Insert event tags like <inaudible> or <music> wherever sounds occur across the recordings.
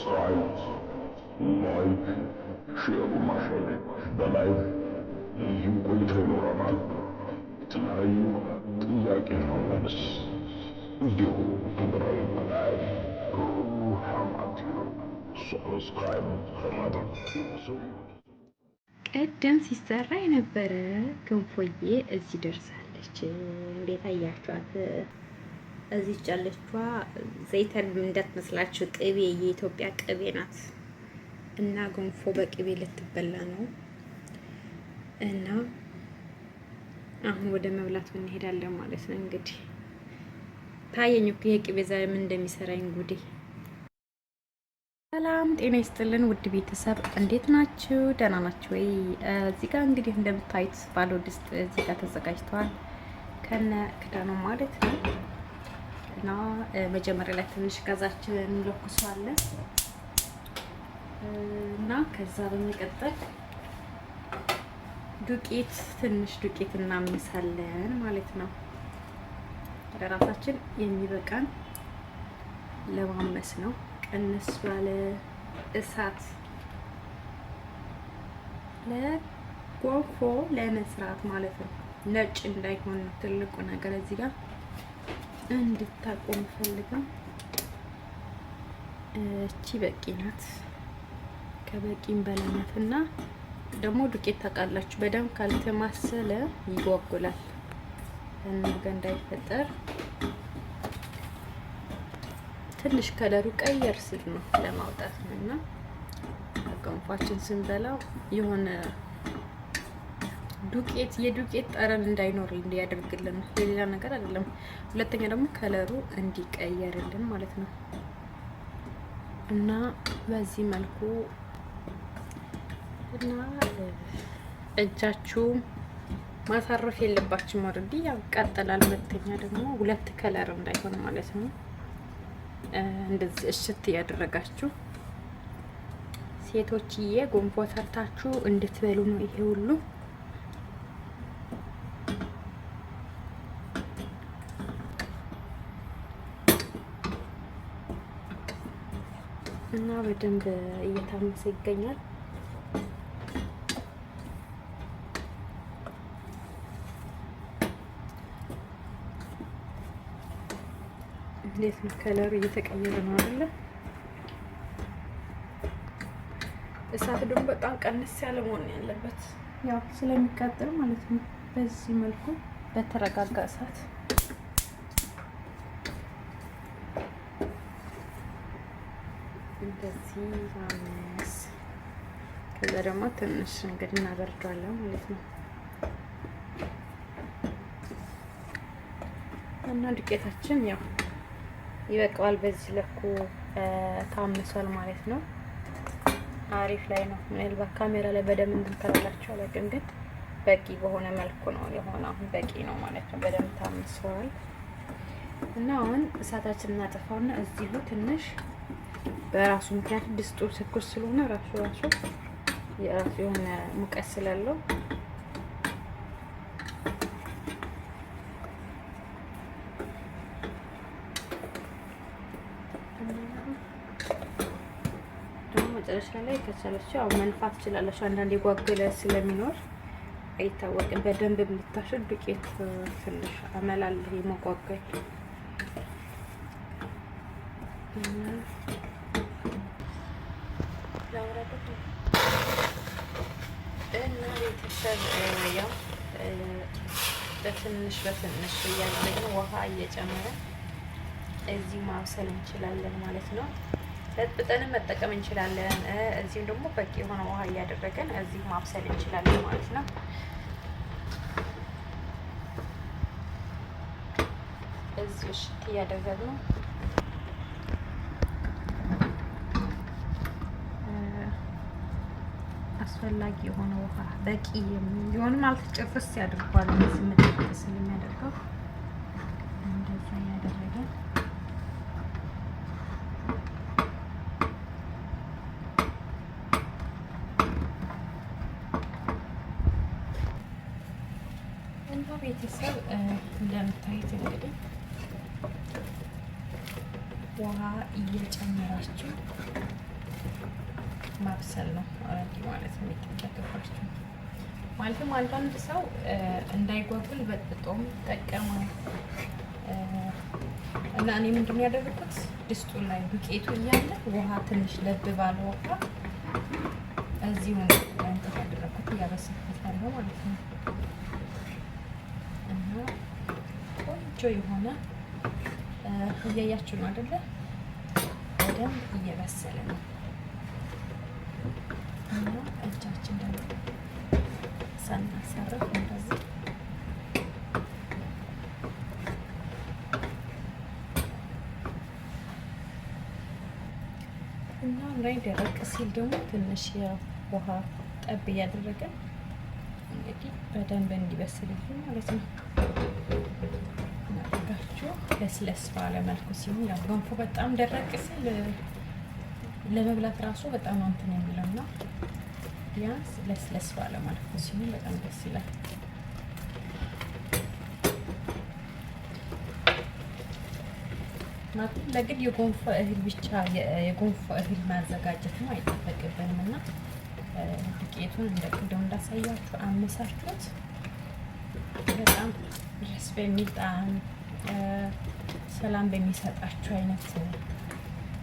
science, life, ሼሩ ማሸግ በላይፍ ብዙ ቆይታ ይኖረናል። የተለያዩ ጥያቄ መመለስ እንዲሁ ግብራዊ መላይ ሩሃማት ሰብስክራይብ በማድረግ ቀደም ሲሰራ የነበረ ገንፎዬ እዚህ ደርሳለች። እንዴት አያችኋት? እዚህ ጫለቿ ዘይተን እንዳትመስላችሁ ቅቤ የኢትዮጵያ ቅቤ ናት እና ገንፎ በቅቤ ልትበላ ነው እና አሁን ወደ መብላቱ እንሄዳለን ማለት ነው። እንግዲህ ታየኝ እኮ የቅቤ ዛሬ ምን እንደሚሰራኝ ጉዴ። ሰላም ጤና ይስጥልን ውድ ቤተሰብ እንዴት ናችሁ? ደህና ናችሁ ወይ? እዚህ ጋር እንግዲህ እንደምታዩት ባለው ድስት እዚህ ጋር ተዘጋጅተዋል ከነ ክዳኑ ማለት ነው። እና መጀመሪያ ላይ ትንሽ ጋዛችን እንለኩሳለን እና ከዛ በመቀጠል ዱቄት ትንሽ ዱቄት እናምሳለን ማለት ነው። ለራሳችን የሚበቃን ለማመስ ነው። ቀንስ ባለ እሳት ለጎንፎ ለመስራት ማለት ነው። ነጭ እንዳይሆን ትልቁ ነገር እዚህ ጋር እንድታቆም ምፈልግም። እቺ በቂ ናት፣ ከበቂም በላይ ናት። እና ደግሞ ዱቄት ታውቃላችሁ፣ በደንብ ካልተማሰለ ይጓጉላል እና እንዳይፈጠር ትንሽ ከለሩ ቀየር ስል ነው ለማውጣት ነው እና አቀንፏችን ስንበላው የሆነ ዱቄት የዱቄት ጠረን እንዳይኖር እንዲያደርግልን ለሌላ ነገር አይደለም። ሁለተኛ ደግሞ ከለሩ እንዲቀየርልን ማለት ነው እና በዚህ መልኩ እና እጃችሁ ማሳረፍ የለባችሁም። ወርዲ ያቃጠላል። ሁለተኛ ደግሞ ሁለት ከለር እንዳይሆን ማለት ነው። እንደዚህ እሽት እያደረጋችሁ ሴቶችዬ ጎንፎ ሰርታችሁ እንድትበሉ ነው ይሄ ሁሉ በደንብ እየታመሰ ይገኛል። እንዴት ነው ከለሩ እየተቀየረ ነው አይደለ? እሳት ደግሞ በጣም ቀንስ ያለ መሆን ያለበት ያው ስለሚቃጠል ማለት ነው። በዚህ መልኩ በተረጋጋ እሳት እንደዚህ ከዛ ደግሞ ትንሽ እንግዲህ እናበርደዋለን ማለት ነው። እና ዱቄታችን ያው ይበቃዋል። በዚህ ለኩ ታምሷል ማለት ነው። አሪፍ ላይ ነው። ምናልባት ካሜራ ላይ በደንብ እንድንከላላችሁ አላውቅም፣ ግን በቂ በሆነ መልኩ ነው የሆነ አሁን በቂ ነው ማለት ነው። በደንብ ታምሷል እና አሁን እሳታችን እናጠፋውና እዚሁ ትንሽ በራሱ ምክንያት ድስጡ ትኩስ ስለሆነ ራሱ ራሱ የራሱ የሆነ ሙቀት ስላለው መጨረሻ ላይ ከቻለች ያው መንፋት ትችላለች። አንዳንድ የጓገለ ስለሚኖር አይታወቅም። በደንብ የምታሽል ዱቄት ትንሽ አመላል የመጓገል በትንሽ እያደረግን ውሃ እየጨመረን እዚህ ማብሰል እንችላለን ማለት ነው። ለጥብጠንም መጠቀም እንችላለን። እዚህም ደግሞ በቂ የሆነ ውሃ እያደረገን እዚህ ማብሰል እንችላለን ማለት ነው። እዚህ እሽት እያደረግን አስፈላጊ የሆነ ውሃ በቂ ቢሆን ማለት ጭፍስ ያድርጓል። እዚህ መጠጥ የሚያደርገው እንደዛ ያደረገ እና ቤተሰብ እንደምታዩት እንግዲህ ውሃ እየጨመራችሁ ማብሰል ነው። ስሜት የሚያገባቸው ማለትም አንዳንድ ሰው እንዳይጓጉል በጥጦም ይጠቀማል እና እኔ ምንድን ነው ያደረኩት ድስጡ ላይ ዱቄቱ እያለ ውሃ ትንሽ ለብ ባለ ውሃ እዚሁ እንትን ያደረኩት እያበሰልኩት ማለት ነው እና ቆንጆ የሆነ እያያችሁ ነው አይደለ? በደንብ እየበሰለ ነው። በእጃችን ደግሞ ሳናሳርፍ እንደዚህ እና ላይ ደረቅ ሲል ደግሞ ትንሽ የውሃ ጠብ እያደረገ እንግዲህ በደንብ እንዲበስልልን ማለት ነው። ለስለስ ባለ መልኩ ሲሆን ያው ገንፎ በጣም ደረቅ ሲል ለመብላት ራሱ በጣም እንትን የሚለው ነው። ቢያንስ ለስለስ ባለ ማለት ነው ሲሆን በጣም ደስ ይላል። ለግድ የጎንፎ እህል ብቻ የጎንፎ እህል ማዘጋጀትም አይጠበቅብንም እና ዱቄቱን እንደ ቅደው እንዳሳያችሁ አመሳችሁት በጣም ደስ በሚል ጣዕም ሰላም በሚሰጣችሁ አይነት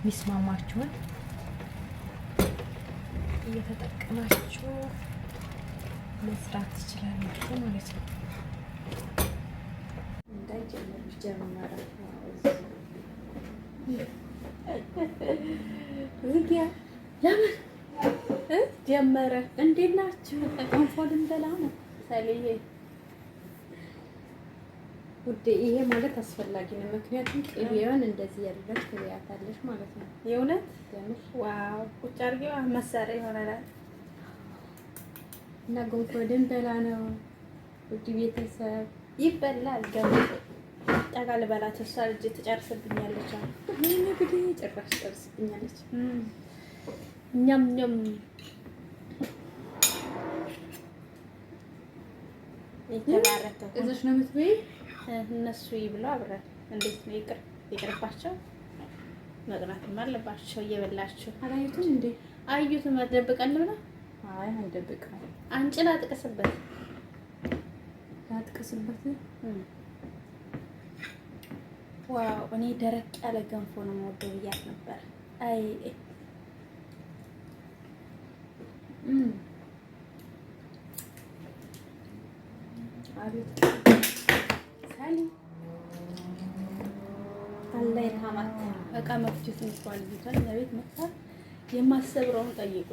የሚስማማችሁን እየተጠቀማችሁ መስራት ትችላላችሁ ማለት ነው። ጀመረ። እንዴት ናችሁ? እንፎል እንበላ ነው ሰሌ ውዴ ይሄ ማለት አስፈላጊ ነው። ምክንያቱም ቅቤውን እንደዚህ ያለበት ቅቤያታለሽ ማለት ነው። የእውነት ዋው! ቁጭ አድርጌዋ መሳሪያ ይሆናል እና ጎንፎ ልንበላ ነው ውድ ቤተሰብ። ይበላል ገና ጠጋ ልበላት። እሷ ልጅ ትጨርስብኛለች። ምን እንግዲህ ጭራሽ ትጨርስብኛለች። ኛም እኛም የተባረከ እዛች ነው የምትበይ እነሱ ይብሉ አብረን እንዴት ነው? ይቅር ይቅርባቸው፣ መቅናትም አለባቸው። እየበላችሁ አላዩትም እንዴ? አዩትም አትደብቀን ብላ አይ አንደብቅም። አንቺ ላጥቀስበት ላጥቀስበት። ዋው እኔ ደረቅ ያለ ገንፎ ነው የምወደው ብያት ነበር። አይ አቤት አላህ ይርሃማት። በቃ መፍጀት እንኳን ልጅቷን ለቤት መጣ የማሰብረውን ጠይቁ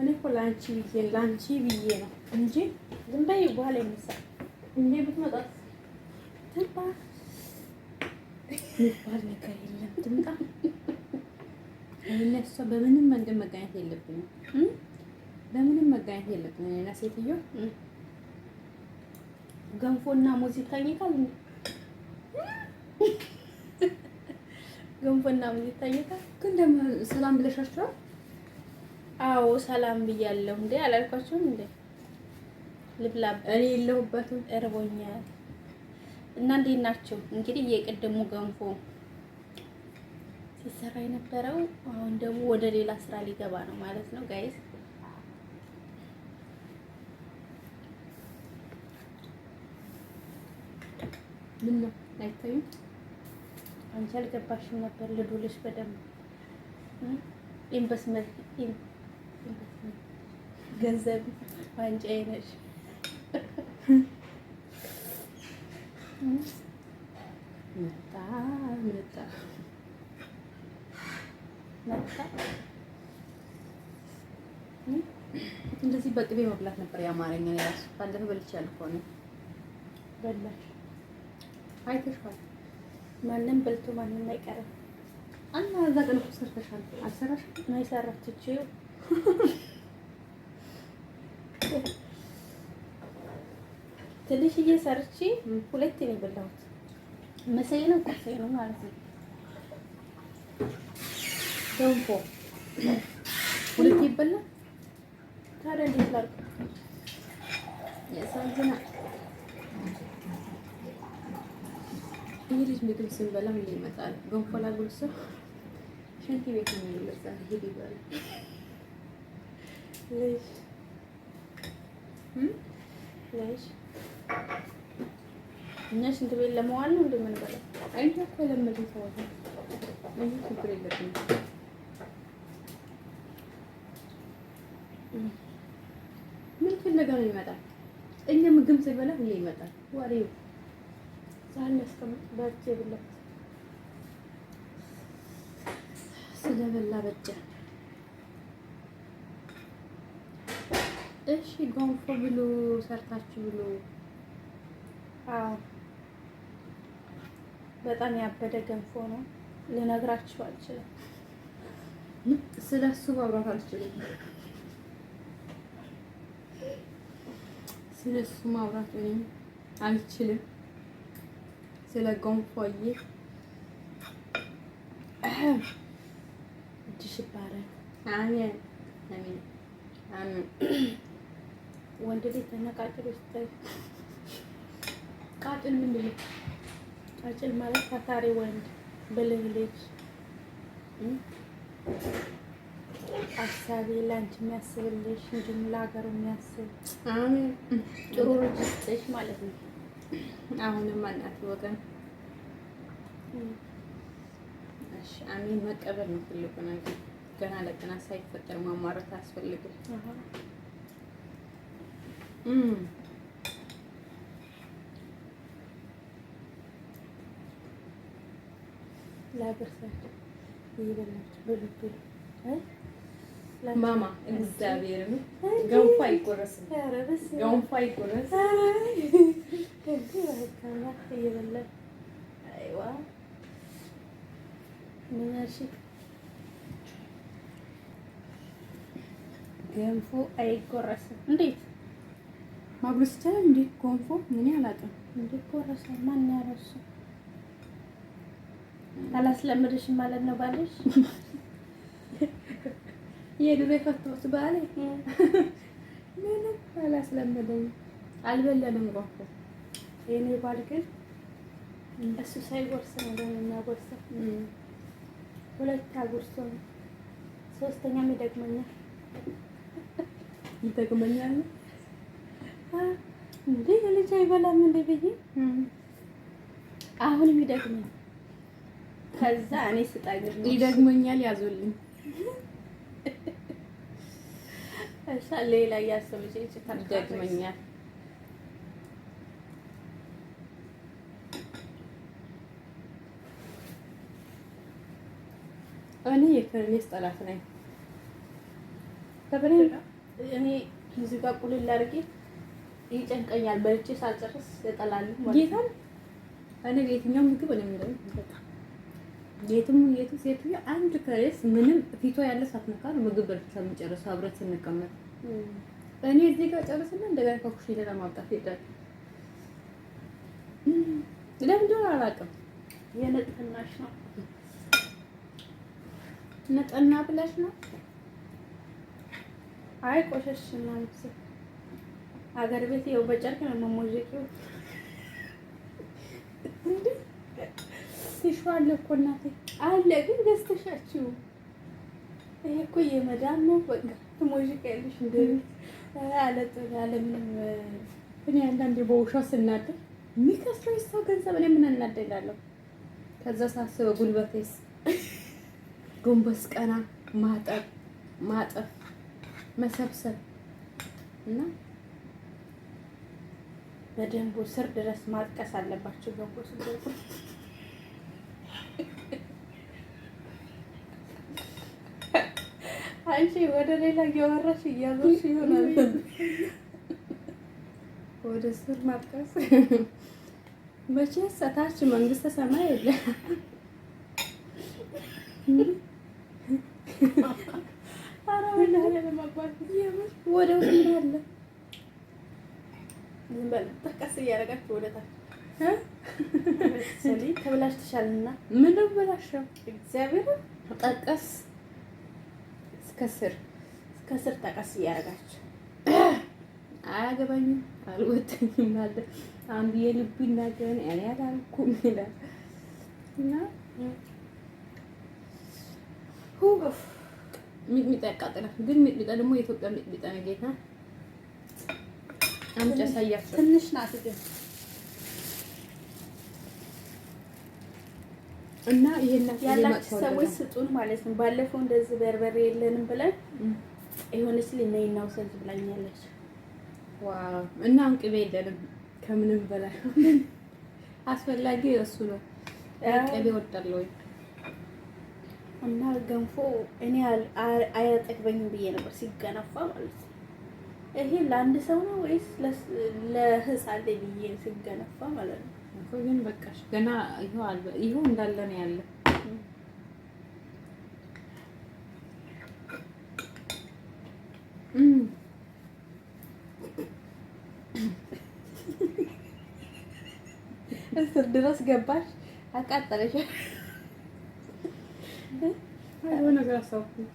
እኔ እኮ ላንቺ ብዬ ላንቺ ብዬ ነው እንጂ ዝም በይ በኋላ ይነሳ እንዴ ብትመጣ ትምጣ የሚባል ነገር የለም። ትምጣ እነሷ በምንም መንገድ መጋኘት የለብንም በምንም መጋኘት የለብኝም። ና ሴትዮ ገንፎና ሙዚቃ ይቃል ገንፎና ምን ይታየታል? ግን ደግሞ ሰላም ብለሻችኋል? አዎ ሰላም ብያለሁ። እንዴ አላልኳችሁም እንዴ? ልብላበት እኔ የለሁበትም እርቦኛል። እና እንዴት ናቸው? እንግዲህ የቅድሙ ገንፎ ሲሰራ የነበረው አሁን ደግሞ ወደ ሌላ ስራ ሊገባ ነው ማለት ነው ጋይስ። ምን ነው አይታዩም አንቺ አልገባሽም ነበር ልዱልሽ በደንብ ኢንቨስትመንት ገንዘብ ዋንጫዬ ነሽ። መጣ መጣ መጣ። እንደዚህ በቅቤ መብላት ነበር የአማርኛ የራሱ ባለፈው በልቻለሁ እኮ ነው። በላሽ አይተሽዋል ማንም በልቶ ማንም አይቀርም። እና እዛ ቀን እኮ ሰርተሻል አልሰራሽም? ነው የሰራችው ትንሽዬ ሰርቼ ሁለት ነው የበላሁት። መሰይ ነው ቁርሴ ነው ማለት ነው። ገንፎ ሁለት ይበላል። ታዲያ እንዴት ላድርግ? ያሳዝናል። የልጅ ምግብ ስንበላ ምን ይመጣል። ገንፎላ ጉልሶ ሽንት ቤት ነው ይመጣል። ይሄ ይባላል ልጅ ልጅ እኛ ሽንት ቤት ለመዋል ነው እንደምንበላ አይቶ እኮ ለምዱ ሰዎች ነው ችግር የለብንም። ምን ፍለጋ ነው ይመጣል። እኛ ምግብ ስንበላ ምን ይመጣል። ወሬው ሳህን ያስቀምጥባት የብላት ስለበላ በጃ እሺ ጎንፎ ብሎ ሰርታችሁ ብሎ አዎ በጣም ያበደ ገንፎ ነው። ልነግራችሁ አልችልም። ስለ እሱ ማውራት አልችልም። ስለ እሱ ማውራት ወይም አልችልም። ስለ ገንፎዬ እጅሽ ይባረክ። አሜን አሜን አሜን። ወንድ ልጅ ተነቃጭል ውስጥ ቃጭል ምንድን ነው? ቃጭል ማለት ታታሪ ወንድ፣ ብልህ ልጅ፣ አሳቢ፣ ለአንቺ የሚያስብልሽ እንዲሁም ለሀገሩ የሚያስብ ጥሩ ልጅ ስጠሽ ማለት ነው። አሁንም አናት ወገን እሺ፣ አሜን መቀበል ነው ትልቁ ነገር። ገና ለገና ሳይፈጠር ማማረት አያስፈልግም። ላገርሳቸው ይበላቸው በልብ ማማ እግዚአብሔር ገንፎ አይቆረስም፣ ገንፎ አይቆረስም። ገንፎ አይቆረስም። እንዴት ማጉረስ ይቻላል? እንዴት ገንፎ ምን አላውቅም። እንዴት ቆረሰ? ማን ያረሱ? አላስለምድሽም ማለት ነው ባለሽ የዱቤ ፈታሁት ባለ ምንም አላስለመደኝም። አልበለንም ጓኮ የኔ ባል ግን እሱ ሳይጎርስ ነው የሚያጎርሰው። ሁለት አጉርሶ ነው። ሶስተኛም ይደግመኛል ይደግመኛል እንዴ ልጅ አይበላም እንዴ ብዬ አሁንም ይደግመኛል። ከዛ እኔ ስጠግብ ይደግመኛል ያዙልኝ ሌላ እያሰበች ደግመኛል። እኔ የፈርኔስ ጠላት ነኝ። እኔ እዚህ ጋር ቁልል አድርጌ ይጨንቀኛል። በልቼ ሳልጨርስ እጠላለሁ ማለት እኔ የትኛው ምግብ እኔ ምንድነው የትም የቱ ሴቱ አንድ ከሬስ ምንም ፊቷ ያለ ሳትነካ ምግብ በልቼ የምጨርሰው አብረት ስንቀመጥ እኔ እዚህ ጋር ጨርስና እንደገና ከኩሽኔ ለማምጣት ይሄዳል። ለምን እንደሆነ አላውቅም። የነጥፍናሽ ነው ነጠና ብለሽ ነው። አይ ቆሸሽ ነው አገር ቤት ይኸው በጨርቅ ነው መሞዠቂው። ትሹ አለ እኮ እናቴ አለ ግን ገዝተሻችሁ ይሄ እኮ የመዳን ነው በቃ ትሞሽቀያለሽ እንደ አለምንም እኔ አንዳንዴ በውሻው ስናደድ የሚከስረው የሰው ገንዘብ እኔ ምን እናደዳለሁ። ከዛ ሳስበው ጉልበቴስ ጎንበስ ቀና ማጠብ ማጠፍ መሰብሰብ እና በደንቡ ስር ድረስ ማጥቀስ አለባቸው ገቦ አንቺ ወደ ሌላ እያወራሽ እያዞርሽ ይሆናል። ወደ ስር ማጥቀስ መቼ ሰታች መንግስተ ሰማይ የለ። ወደ ውስጥ አለ። ዝም በል ጠቀስ እያደረጋችሁ ወደ ታች ተብላሽ ትሻልና ምን ብላሽ እግዚአብሔር ጠቀስ እስከ ስር እስከ ስር ጠቀስ እያደረጋችሁ <clears throat> አያገባኝም አልወጣኝም አለ አንዱ የልቡ ይናገረን እኔ አላልኩም ይላል እና ሁፍ ሚጥሚጣ ያቃጥላል። ግን ሚጥሚጣ ደግሞ የኢትዮጵያ ሚጥሚጣ ነው። ጌታ አምጪ አሳያቸው። ትንሽ ናት ግን እና ይሄን ያላችሁ ሰዎች ስጡን ማለት ነው። ባለፈው እንደዚህ በርበሬ የለንም ብለን የሆነች ልናይ እና ውሰድ ብላኛለች። ዋው እና እንቅቤ የለንም ከምንም በላይ <laughs> አስፈላጊ እሱ ነው። ቅቤ ወጣለሁ እና ገንፎ እኔ አያጠግበኝም ብዬ ነበር ሲገነፋ ማለት ነው። ይሄ ለአንድ ሰው ነው ወይስ ለህፃን ብዬ ሲገነፋ ማለት ነው። ግን በቃሽ። ገና ይኸው እንዳለ ነው ያለ እስር ድረስ ገባሽ፣ አቃጠለሽ። ነገር አሳውኩኝ።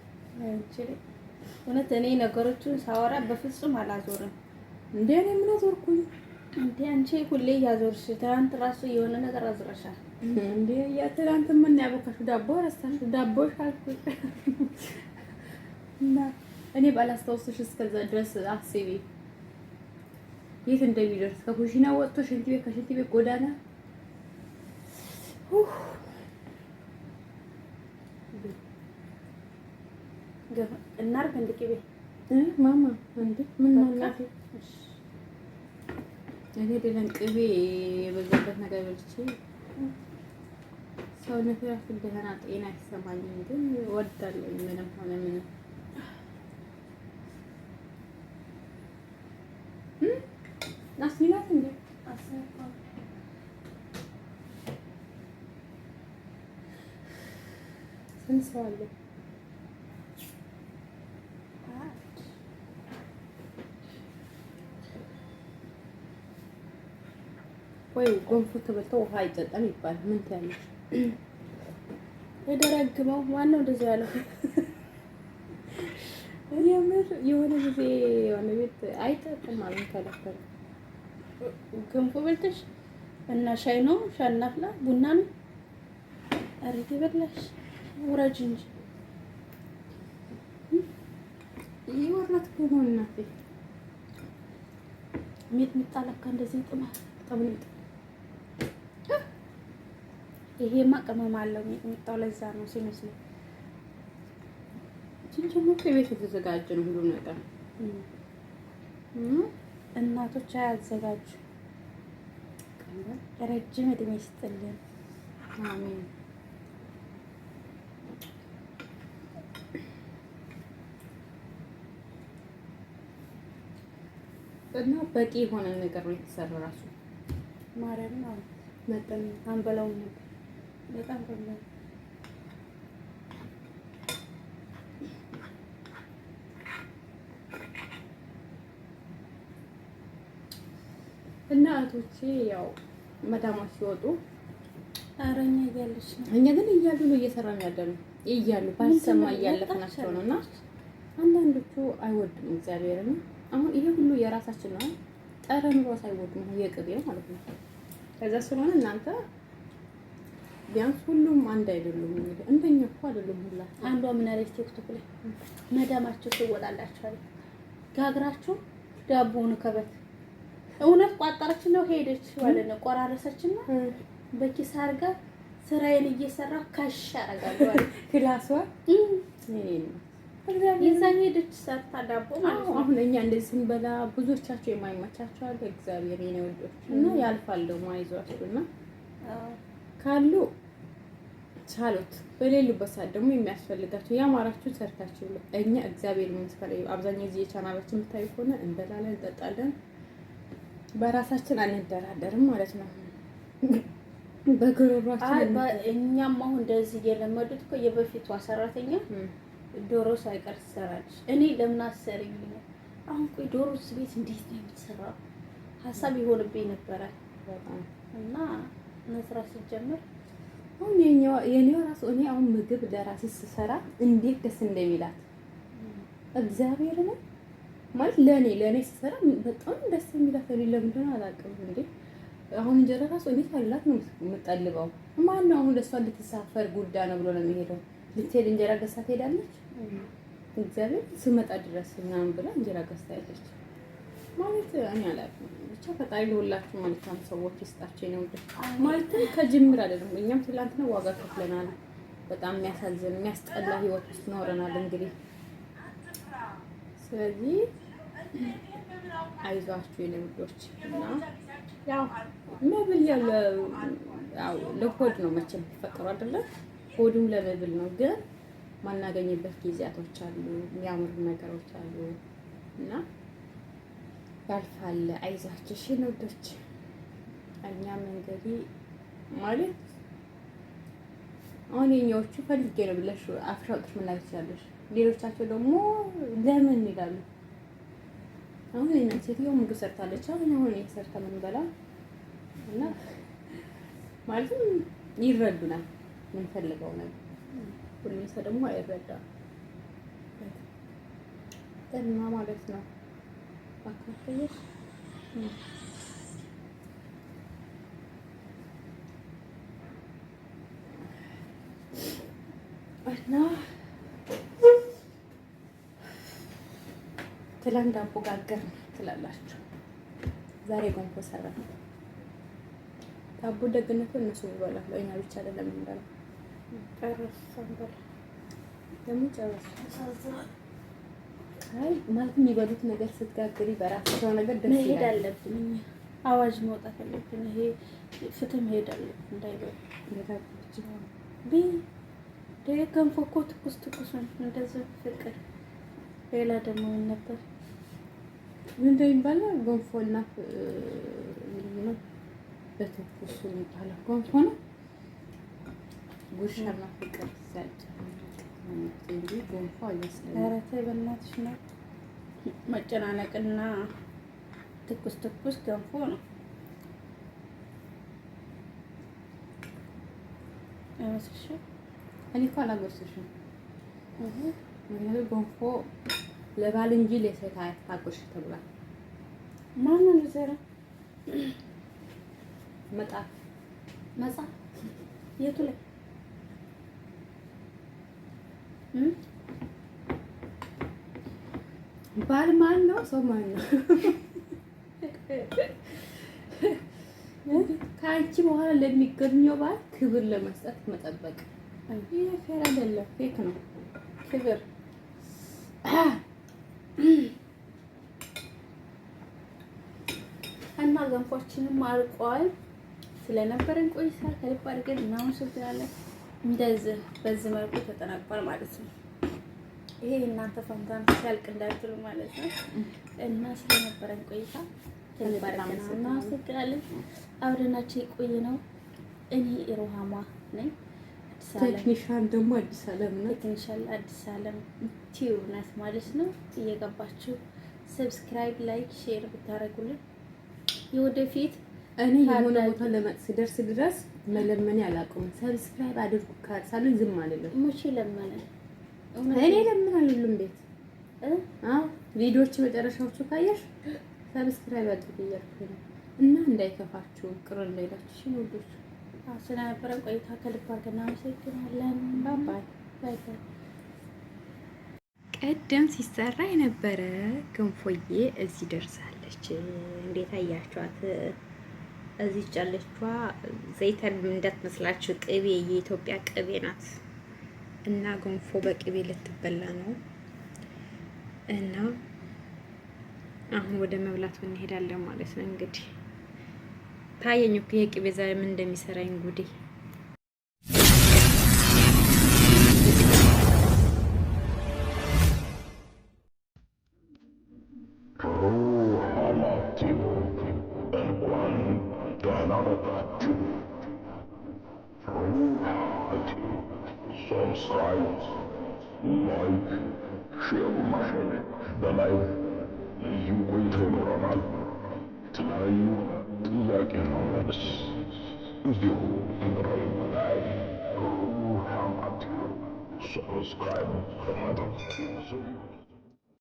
እውነት እኔ ነገሮቹን ሳወራ በፍጹም አላዞርም። እንደ እኔ ምን አዞርኩኝ? እንዴ አንቺ ሁሌ እያዞርሽ ትናንት ራሱ የሆነ ነገር አዝረሻል። እንዴ ትናንት ምን ያቦካሽው ዳቦ ረሳሽው? ዳቦሽ አልኩሽ እና እኔ ባላስታውስሽ እስከዛ ድረስ አስቢ የት እንደሚደርስ ከኩሽና ወጥቶ ሽንት ቤት፣ ከሽንት ቤት ጎዳና። እናርግ እንድቅ ማማ እንዴ ምን ማለት እኔ በደንብ ቅቤ የበዛበት ነገር በልቼ ሰውነት ራሱ ደህና ጤና ይሰማኝ፣ ግን ወዳለኝ ምንም ሆነ ምንም ስንት ሰው አለ? ወይ ጎንፉ ተበልቶ ውሃ አይጠጣም ይባል ምን ትያለሽ? የደረግመው ነው እንደዚህ ያለው የምር የሆነ ጊዜ የሆነ ቤት አይጠጥም አሉኝ። ተለፈለ ገንፎ በልተሽ እና ሻይ ነው ሻናፍላ ቡና ነው አረጌ በላሽ ውረጅ እንጂ ይወራት ከሆነ እናቴ ሚጥሚጣ ለካ እንደዚህ ጥማል ጠብልጥ ይሄማ ቅመም አለው የሚጣው ለዛ ነው ሲመስለኝ። ችንችኑ ከቤት የተዘጋጀ ነው ሁሉ ነገር እናቶች አያዘጋጁ። ረጅም እድሜ ይስጥልን። አሜን። እና በቂ የሆነ ነገር ነው የተሰራ ራሱ ማርያም ነው መጠን አንበላው ነበር በጣም ቀላል እና እህቶቼ ያው መዳማች ሲወጡ አረኛ እያለች ነው። እኛ ግን እያሉ ነው እየሰራን ያለነው እያሉ ባልሰማ እያለፍናቸው ነው። እና አንዳንዶቹ አይወድም እግዚአብሔር ነው። አሁን ይሄ ሁሉ የራሳችን ነው። ጠረን ራስ አይወድም፣ የቅቤ ማለት ነው። ከዛ ስለሆነ እናንተ ቢያንስ ሁሉም አንድ አይደሉም። እንግዲህ እንደኛ እኮ አይደሉም ሁላ። አንዷ ምን አለች ቲክቶክ ላይ መዳማችሁ ትወጣላችኋል፣ ጋግራችሁ ዳቦውን ከበት እውነት ቋጠረች ነው ሄደች ማለት ነው። ቆራረሰችና በኪስ አድርጋ ስራዬን እየሰራ ካሽ አረጋለሁ ክላሷ የዛን ሄደች ሰርታ ዳቦ ማለት ነው። አሁን እኛ እንደዚህ ስንበላ ብዙዎቻቸው የማይመቻቸው አለ። እግዚአብሔር የኔ ወዶች እና ያልፋል ደግሞ አይዟችሁ እና ካሉ ቻሉት። በሌሉበት ሰዓት ደግሞ የሚያስፈልጋቸው ያማራችሁ ሰርታችሁ እኛ እግዚአብሔር ይመስገን አብዛኛው ጊዜ ቻናላችን የምታዩ ከሆነ እንበላለን፣ እንጠጣለን፣ በራሳችን አንደራደርም ማለት ነው። በግሮሯችን እኛም አሁን እንደዚህ እየለመዱት እኮ የበፊቷ ሰራተኛ ዶሮ ሳይቀር ትሰራለች። እኔ ለምን አሰሪኝ ነው አሁን ቆይ ዶሮ ቤት እንዴት ነው የምትሰራው ሀሳብ ይሆንብኝ ነበረ እና መስራት ሲጀምር አሁን የኔው ራሱ እኔ አሁን ምግብ ለራሴ ስሰራ እንዴት ደስ እንደሚላት እግዚአብሔር ነው ማለት ለእኔ ለእኔ ስሰራ በጣም ደስ የሚላት ለኔ ለምንድን አላውቅም። እንዴ አሁን እንጀራ ራሱ እኔ ታላት ነው የምጠልበው። ማን ነው አሁን ለእሷ ልትሳፈር ጉዳ ነው ብሎ ነው የሚሄደው። ልትሄድ እንጀራ ገዝታ ትሄዳለች። እግዚአብሔር ስመጣ ድረስ ምናምን ብላ እንጀራ ገዝታ ሄደች። ማለት እኔ አላውቅም። ብቻ ፈጣሪ ለሁላችሁ መልካም ሰዎች ይስጣቸው። ነው እንጂ ማለትም ከጅምር አይደለም። እኛም ትላንትና ዋጋ ከፍለናል። በጣም የሚያሳዝን የሚያስጠላ ህይወት ውስጥ ኖረናል። እንግዲህ ስለዚህ አይዟችሁ የኔ ውዶች እና ያው መብል ያው ለሆድ ነው መቼም ተፈጠሩ አይደለም። ሆዱም ለመብል ነው፣ ግን ማናገኝበት ጊዜያቶች አሉ፣ የሚያምሩ ነገሮች አሉ እና ያልፋል። አይዟችሁ እሺ ውዶች። እኛም እንግዲህ ማለት አሁን የኛዎቹ ፈልጌ ነው ብለሽ መናገር ትችላለሽ። ሌሎቻቸው ደግሞ ለምን ይላሉ። አሁን እና ሴትዮ ምግብ ሰርታለች። አሁን አሁን ምን በላ እና ማለትም ይረዱናል። የምንፈልገው ነገር ሁሉም ሰው ደግሞ አይረዳም እና ማለት ነው እና ትላንት ዳቦ ጋገር ትላላችሁ፣ ዛሬ ገንፎ ሰራ። ዳቦ ደግነቱ እነሱ ይበላል፣ እኛ ብቻ አይደለም እንበላው። ጨረሱ፣ ደግሞ ጨረሱ አይ ማለት የሚበሉት ነገር ስትጋግሪ በራሳቸው ነገር ደስ ይላል። መሄድ አለብን አዋጅ መውጣት አለብን። ይሄ ፍትህ መሄድ አለብን። እንዳይበሉ ገንፎ እኮ ትኩስ ትኩስ ነው። ፍቅር ሌላ ደግሞ ምን ነበር ምንድን ነው የሚባለው? ገንፎና ነው በትኩስ የሚባለው ገንፎ ነው። ጉርሻና ፍቅር እንጂ ጎንፎ በእናትሽ ነው መጨናነቅና ትኩስ ትኩስ ገንፎ ነው አይመስልሽም? እኔ እኮ አላጎርስሽም። ጎንፎ ለባል እንጂ ለሴት አታጎርሽ ተብሏል። ማነው ዘረ መጣፍ መጻፍ የቱ ላይ ባል ማን ነው? ሰው ማን ነው? ከአንቺ በኋላ ለሚገኘው ባል ክብር ለመስጠት መጠበቅ ይሄ ፌር አይደለም፣ ፌክ ነው። ክብር እና ገንፎችንም አልቋል። ስለነበረን ቆይታ ከልብ አድርገን እናመሰግናለን። እንደዚህ በዚህ መልኩ ተጠናቋል ማለት ነው። ይሄ እናንተ ፈንታን ሲያልቅ እንዳትሉ ማለት ነው። እና ስለነበረን ቆይታ እናመሰግናለን። አብረናቸው የቆየ ነው። እኔ ሩሃማ ነኝ። ቴክኒሻን ደግሞ አዲስ አለም ነው። ቴክኒሻን አዲስ አለም ቲዩብ ናት ማለት ነው። እየገባችሁ ሰብስክራይብ፣ ላይክ፣ ሼር ብታደርጉልን የወደፊት እኔ የሆነ ቦታ ለመቅስ ደርስ ድረስ መለመን ያላቀሙ ሰብስክራይብ አድርጉ ካሳሉኝ ዝም አልልም። ሙሽ ለምን እኔ ለምን አልልም። ቤት አዎ ቪዲዮዎች መጨረሻዎቹ ካየሽ ሰብስክራይብ አድርጉ እያልኩ ነው። እና እንዳይከፋችሁ ቅር እንዳይላችሁ። እሺ ወዶች ስለነበረን ቆይታ ከልብ አድርገን እናመሰግናለን። ባባይ ባይ ቀደም ሲሰራ የነበረ ገንፎዬ እዚህ ደርሳለች። እንዴት አያችኋት? እዚህ ጫለችዋ ዘይተን እንዳትመስላችሁ ቅቤ የኢትዮጵያ ቅቤ ናት እና ገንፎ በቅቤ ልትበላ ነው እና አሁን ወደ መብላቱ እንሄዳለን ማለት ነው። እንግዲህ ታየኝ እኮ የቅቤ ዛሬ ምን እንደሚሰራኝ ጉዴ subscribe for my book.